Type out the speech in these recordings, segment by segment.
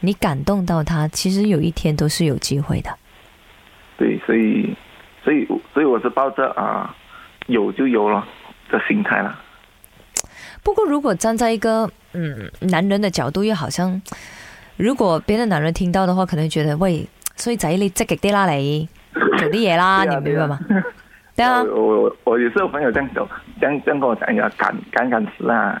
你感動到他，其實有一天都是有機會的。對，所以，所以，所以我是抱着啊、呃，有就有了的心態了。不過，如果站在一個嗯男人的角度，又好像，如果別的男人聽到的話，可能覺得喂，衰仔，你積極啲啦，你做啲嘢啦，你明白嗎？ 對啊，我我有時候朋友這樣這樣這樣跟我講這樣跟我講講過，想要敢敢敢試啦。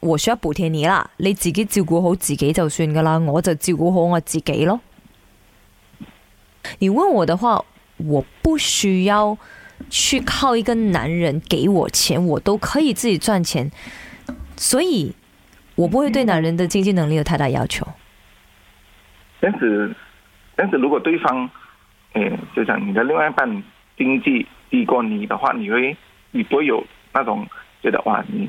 我需要補貼你啦，你自己照顧好自己就算噶啦，我就照顧好我自己咯。你問我的話，我不需要去靠一個男人給我錢，我都可以自己賺錢，所以我不會對男人的經濟能力有太大要求。但是，但是如果對方，誒、欸，就像你的另外一半經濟低過你的話，你會，你不會有那種覺得哇，你。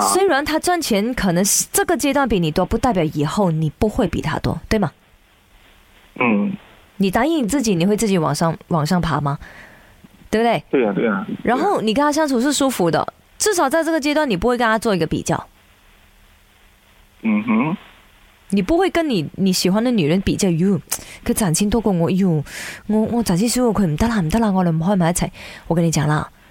雖然他賺錢可能是這個階段比你多，不代表以後你不會比他多，對嗎？嗯。你答應你自己，你會自己往上往上爬嗎？對不對？對啊對啊。對啊對啊，然後你跟他相處是舒服的，至少在這個階段你不會跟他做一個比較。嗯哼。你不會跟你你喜歡的女人比較，喲，可賺錢多過我喲，我我賺錢生活可唔得啦，唔得啦，我哋唔開埋一齊。我跟你講啦。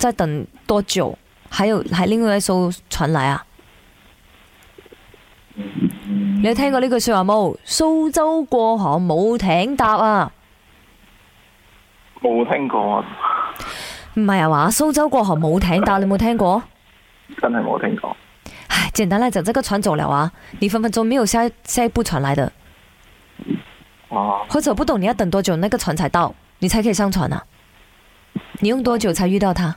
在等多久？還有還有另外一艘船來啊？嗯嗯、你有聽過呢句說話冇？蘇州過河冇艇搭啊？冇聽過啊？唔係啊嘛，蘇州過河冇艇搭，你冇聽過？真係冇聽過。唉，簡單嚟講，這個船走了啊？你分分鐘沒有下下一部船來的。或者、啊、不懂你要等多久？那個船才到，你才可以上船啊？你用多久才遇到他？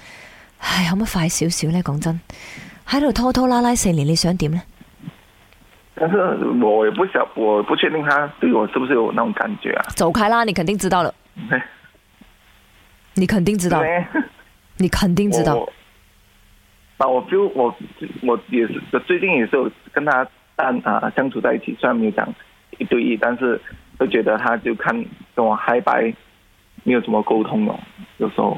哎，可唔可以快少少呢？講真，喺度拖拖拉拉四年，你想點呢？但是我也不想，我不確定他對我是不是有那種感覺啊？走開啦！你肯定知道了， 你肯定知道，呢你肯定知道。啊，我 feel 我我，我也是，最近也是有跟他但啊相處在一起，雖然沒有講一對一，但是都覺得他就看跟我嗨白，沒有什麼溝通咯，有時候。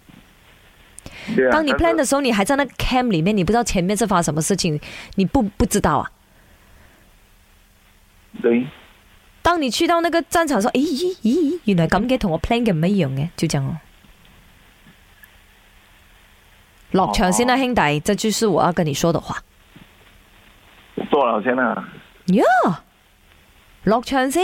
當你 plan 的時候，你還在那個 camp 裏面，你不知道前面是發什麼事情，你不不知道啊。對。當你去到那個戰場的時候：“咦咦咦，原來咁嘅同我 plan 嘅唔一樣嘅”，就咁咯、哦。落場先啦，兄弟，哦、這就是我要跟你說的話。多少錢啊喲，Yeah! 落場先。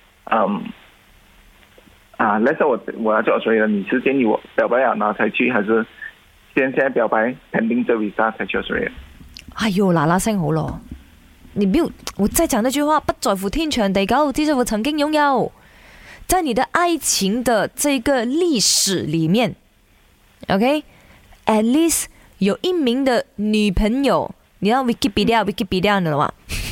嗯，啊，那時候我我做所以咧，你是建議我表白啊，然後才去，還是先先表白，肯定就會發生咗事嘅。哎呦，嗱嗱聲好咯你表，我再講這句話不在乎天長地久，只在乎我曾經擁有。在你的愛情的這個歷史裏面，OK，at least 有一名的女朋友，你要 wikipedia wikipedia 掉，你嗎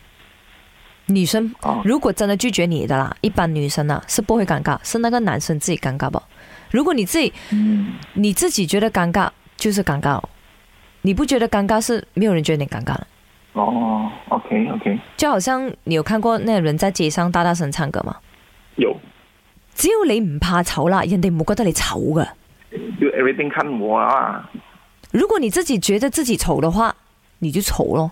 女生如果真的拒絕你的啦，哦、一般女生呢、啊、是不會尷尬，是那個男生自己尷尬不？如果你自己，嗯，你自己覺得尷尬就是尷尬，你不覺得尷尬是沒有人覺得你尷尬哦，OK OK，就好像你有看過那人在街上大大聲唱歌嗎？有。只有你不怕醜啦，人哋唔覺得你醜嘅。Do everything can move 啊。如果你自己覺得自己醜的話，你就醜咯。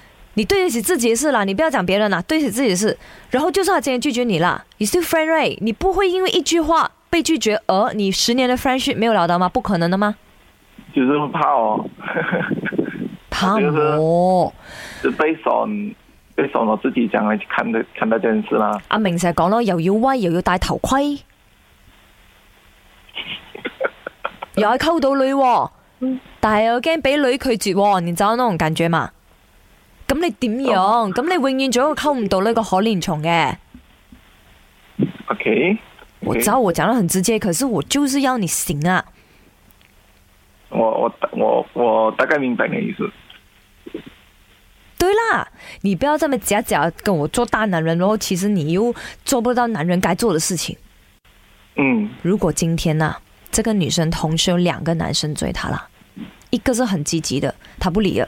你對得起自己嘅事啦，你不要講別人啦。對得起自己嘅事，然後就算佢今日拒絕你啦，你係 friend r、right? y 你不會因為一句話被拒絕而、呃、你十年的 friendship 沒有了到嗎？不可能的嗎？就是怕哦， 怕哦我、就是，就是、based on based on 我自己講嘅，看得看得電視啦。阿明成日講咯，又要威，又要戴頭盔，又係溝到女、哦， 但係又驚俾女拒絕、哦，你知道嗰種感覺嘛？咁你點樣？咁、oh, 你永遠仲係溝唔到呢個可憐蟲嘅。OK，okay，我知道我講得很直接，可是我就是要你行啊。我我我我大概明白你意思。對啦，你不要這麼假假，跟我做大男人，然後其實你又做不到男人該做的事情。嗯。如果今天呢、啊，這個女生同時有兩個男生追她啦，一個是很積極的，她不理了。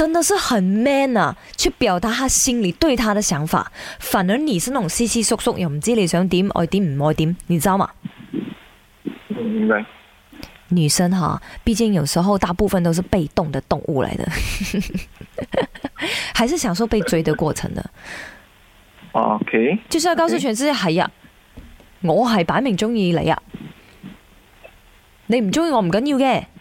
真的是很 man 啊，去表達他心裏對他的想法，反而你是那種稀稀疏疏，又唔知你想點愛點唔愛點，你知道嗎？明白。女生哈，畢竟有時候大部分都是被動的動物來的，呵呵還是享受被追的過程的。OK, okay. 就是要告訴全世界知係啊，我係擺明中意你啊，你唔中意我唔緊要嘅。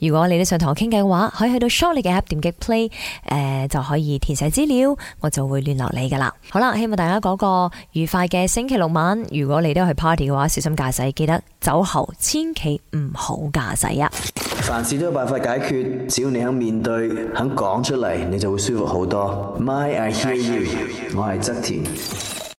如果你都想同我傾偈嘅話，可以去到 Shoutie 嘅 App 點擊 Play，誒、呃、就可以填寫資料，我就會聯絡你噶啦。好啦，希望大家過個愉快嘅星期六晚。如果你都去 party 嘅話，小心駕駛，記得酒後千祈唔好駕駛啊！凡事都有辦法解決，只要你肯面對，肯講出嚟，你就會舒服好多。My I hear you？我係側田。